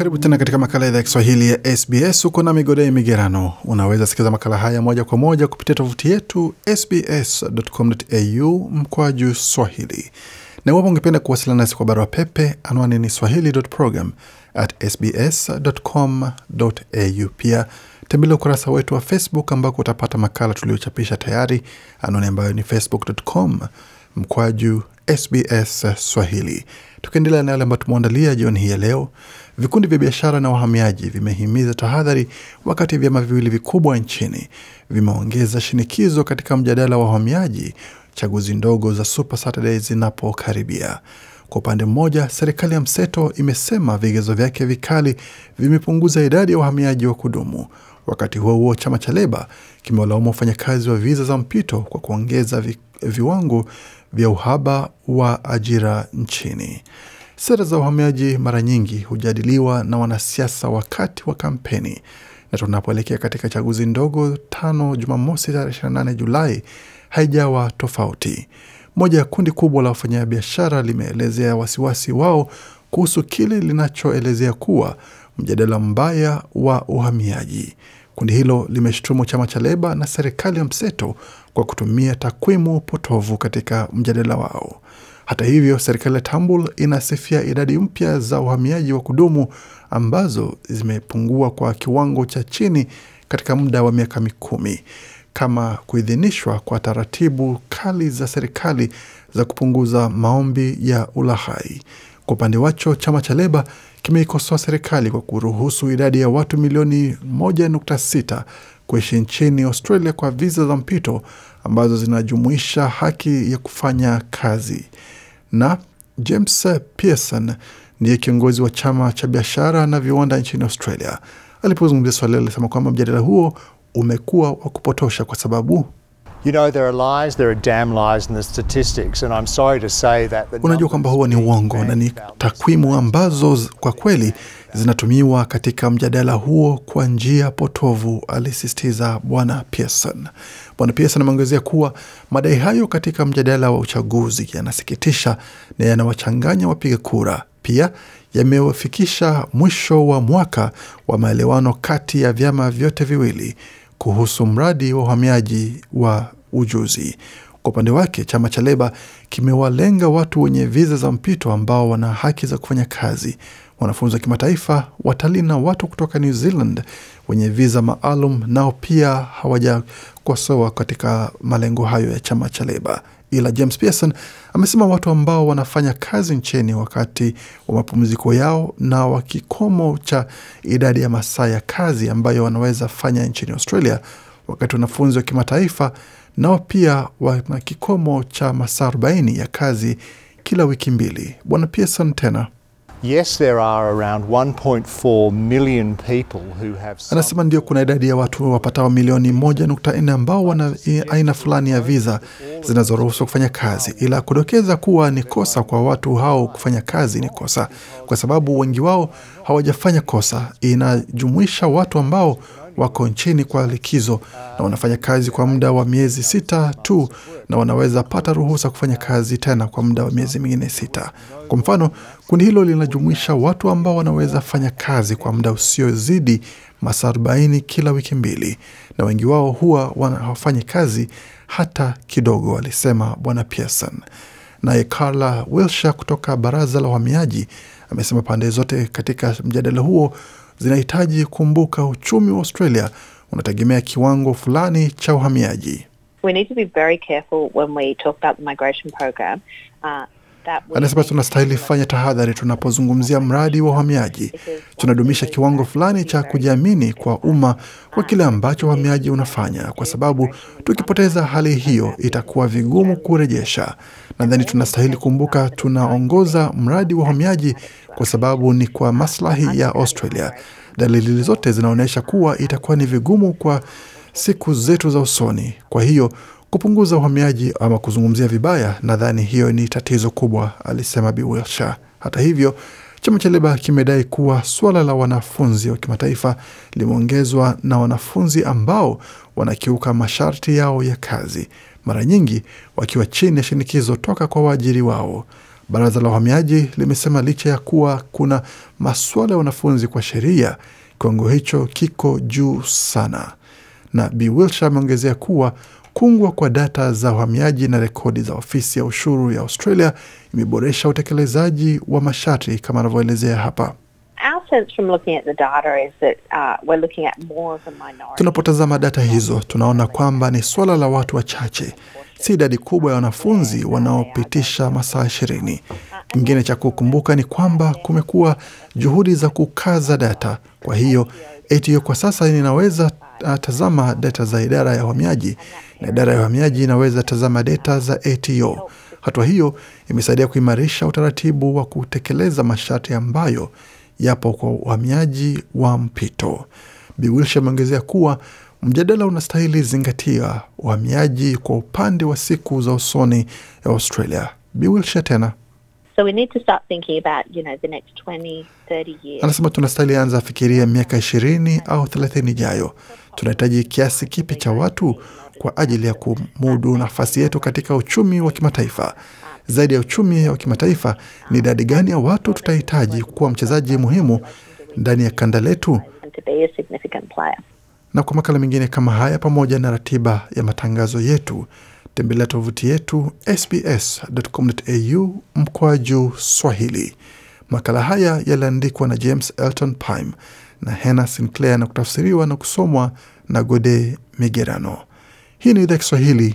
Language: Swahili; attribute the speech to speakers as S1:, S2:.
S1: Karibu tena katika makala idhaa ya Kiswahili ya SBS. Huko na Migodei Migerano, unaweza sikiza makala haya moja kwa moja kupitia tovuti yetu sbs.com.au mkwaju swahili, na iwapo ungependa kuwasiliana nasi kwa barua pepe, anwani ni swahili.program@sbs.com.au. Pia tembelea ukurasa wetu wa Facebook ambako utapata makala tuliochapisha tayari, anwani ambayo ni facebook.com mkwaju SBS Swahili. Tukiendelea na yale ambayo tumeandalia jioni hii ya leo, vikundi vya biashara na wahamiaji vimehimiza tahadhari, wakati vyama viwili vikubwa nchini vimeongeza shinikizo katika mjadala wa wahamiaji chaguzi ndogo za Super Saturday zinapokaribia. Kwa upande mmoja, serikali ya mseto imesema vigezo vyake vikali vimepunguza idadi ya wahamiaji wa kudumu Wakati huo huo, chama cha Leba kimewalaumu wafanyakazi wa viza za mpito kwa kuongeza vi, viwango vya uhaba wa ajira nchini. Sera za uhamiaji mara nyingi hujadiliwa na wanasiasa wakati wa kampeni, na tunapoelekea katika chaguzi ndogo tano Jumamosi tarehe 28 Julai haijawa tofauti. Moja ya kundi kubwa la wafanyabiashara limeelezea wasiwasi wao kuhusu kile linachoelezea kuwa mjadala mbaya wa uhamiaji. Kundi hilo limeshutumu chama cha Leba na serikali ya mseto kwa kutumia takwimu potovu katika mjadala wao. Hata hivyo, serikali ya Tambul inasifia idadi mpya za uhamiaji wa kudumu ambazo zimepungua kwa kiwango cha chini katika muda wa miaka mikumi kama kuidhinishwa kwa taratibu kali za serikali za kupunguza maombi ya ulahai. Kwa upande wacho, chama cha Leba kimeikosoa serikali kwa kuruhusu idadi ya watu milioni 1.6 kuishi nchini Australia kwa viza za mpito ambazo zinajumuisha haki ya kufanya kazi. Na James Pearson ndiye kiongozi wa chama cha biashara na viwanda nchini Australia. Alipozungumzia swala hilo, alisema kwamba mjadala huo umekuwa wa kupotosha kwa sababu Unajua kwamba huo ni uongo na ni takwimu ambazo kwa kweli zinatumiwa katika mjadala huo kwa njia potovu, alisisitiza Bwana Pearson. Bwana Pearson ameongezea kuwa madai hayo katika mjadala wa uchaguzi yanasikitisha na yanawachanganya wapiga kura, pia yamewafikisha mwisho wa mwaka wa maelewano kati ya vyama vyote viwili kuhusu mradi wa uhamiaji wa ujuzi. Kwa upande wake, chama cha Leba kimewalenga watu wenye viza za mpito ambao wana haki za kufanya kazi Wanafunzi wa kimataifa, watalii na watu kutoka New Zealand wenye viza maalum nao pia hawajakosoa katika malengo hayo ya chama cha Leba. Ila James Pearson amesema watu ambao wanafanya kazi nchini wakati wa mapumziko yao na wa kikomo cha idadi ya masaa ya kazi ambayo wanaweza fanya nchini Australia, wakati wanafunzi wa kimataifa nao pia wana kikomo cha masaa 40 ya kazi kila wiki mbili. Bwana Pearson tena Anasema ndio, kuna idadi ya watu wapatao milioni 1.4 ambao wana aina fulani ya viza zinazoruhusu kufanya kazi, ila kudokeza kuwa ni kosa kwa watu hao kufanya kazi ni kosa, kwa sababu wengi wao hawajafanya kosa. Inajumuisha watu ambao wako nchini kwa likizo na wanafanya kazi kwa muda wa miezi sita tu, na wanaweza pata ruhusa kufanya kazi tena kwa muda wa miezi mingine sita. Kwa mfano, kundi hilo linajumuisha watu ambao wanaweza fanya kazi kwa muda usiozidi masaa 40 kila wiki mbili, na wengi wao huwa hawafanyi kazi hata kidogo, alisema Bwana Pearson. Naye Carla Wilshire kutoka baraza la uhamiaji amesema pande zote katika mjadala huo zinahitaji kumbuka uchumi wa Australia unategemea kiwango fulani cha uhamiaji. We need to be very careful when we talk about the migration program. Uh... Anasema tunastahili fanya tahadhari tunapozungumzia mradi wa uhamiaji. Tunadumisha kiwango fulani cha kujiamini kwa umma ah, kwa kile ambacho uhamiaji unafanya, kwa sababu tukipoteza hali hiyo itakuwa vigumu kurejesha. Nadhani tunastahili kumbuka tunaongoza mradi wa uhamiaji kwa sababu ni kwa maslahi ya Australia. Dalili zote zinaonyesha kuwa itakuwa ni vigumu kwa siku zetu za usoni. Kwa hiyo kupunguza uhamiaji ama kuzungumzia vibaya, nadhani hiyo ni tatizo kubwa, alisema Bi Wilshire. Hata hivyo, chama cha Leba kimedai kuwa suala la wanafunzi wa kimataifa limeongezwa na wanafunzi ambao wanakiuka masharti yao ya kazi, mara nyingi wakiwa chini ya shinikizo toka kwa waajiri wao. Baraza la Uhamiaji limesema licha ya kuwa kuna masuala ya wanafunzi kwa sheria, kiwango hicho kiko juu sana, na Bi Wilshire ameongezea kuwa Kungwa kwa data za uhamiaji na rekodi za ofisi ya ushuru ya Australia imeboresha utekelezaji wa masharti kama anavyoelezea hapa. Uh, Tunapotazama data hizo, tunaona kwamba ni swala la watu wachache, si idadi kubwa ya wanafunzi wanaopitisha masaa ishirini. Kingine cha kukumbuka ni kwamba kumekuwa juhudi za kukaza data, kwa hiyo ATO kwa sasa inaweza tazama data za idara ya uhamiaji na idara ya uhamiaji inaweza tazama data za ATO. Hatua hiyo imesaidia kuimarisha utaratibu wa kutekeleza masharti ambayo yapo kwa uhamiaji wa mpito. Bwilsh ameongezea kuwa mjadala unastahili zingatia uhamiaji kwa upande wa siku za usoni ya Australia. Bwilsh tena So we need to start thinking about, you know, the next 20, 30 years. Anasema tunastahili anza fikiria miaka ishirini au thelathini ijayo. Tunahitaji kiasi kipi cha watu kwa ajili ya kumudu nafasi yetu katika uchumi wa kimataifa? Zaidi ya uchumi wa kimataifa, ni idadi gani ya watu tutahitaji kuwa mchezaji muhimu ndani ya kanda letu? Na kwa makala mengine kama haya, pamoja na ratiba ya matangazo yetu tembelea tovuti yetu sbs.com.au juu Swahili. Makala haya yaliandikwa na James Elton Pime na Hena Sinclair na kutafsiriwa na kusomwa na Gode Migerano. Hii ni idhaa Kiswahili